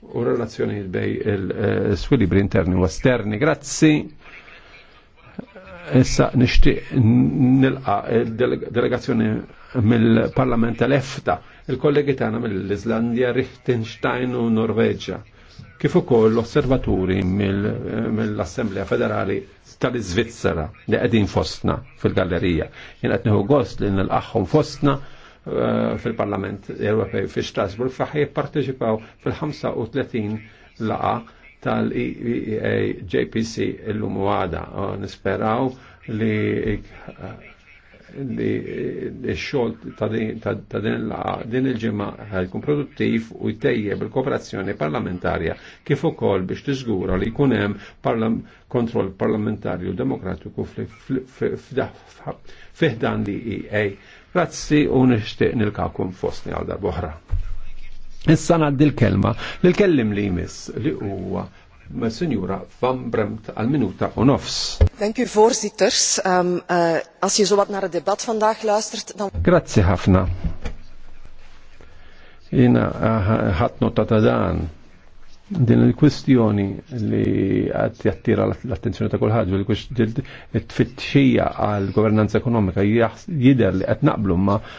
u relazzjoni bej il-swilibri interni u esterni. Grazzi. Issa nixtieq nilqa il-delegazzjoni mill-Parlament tal-EFTA, il-kollegi tagħna mill-Iżlandja, Liechtenstein u Norveġġa, kif ukoll l-osservaturi mill-Assemblea Federali tal-Iżvizzera li qegħdin fostna fil-gallerija. Jien qed nieħu gost li nilqaħħom fostna Eh, fil-Parlament Ewropej fi Strasburg faħ jipparteċipaw fil-35 laqa tal-JPC e l-lum għada. Eh, nisperaw li eh, li eh, xol ta' din il-laqa din il-ġimgħa ħajkun produttiv u jtejje bil kooperazzjoni parlamentarja kif ukoll biex tiżgura li jkun hemm kontroll parlamentarju demokratiku fiħdan li EA. Grazzi u nixtieq nilkakum fostni għal darbohra. Issa ngħaddi l-kelma li kellim li jmiss li huwa ma' Sinjura Van Bremt al minuta u nofs. Dank u voorzitters. Um, uh, als je wat naar het debat vandaag luistert, dan... Grazie Hafna. Jena ah, ħat nota ta' dan. Din il-kwestjoni li għad jattira l-attenzjoni ta' kullħad, il-tfittxija għal governanza ekonomika jider li għad naqblu ma'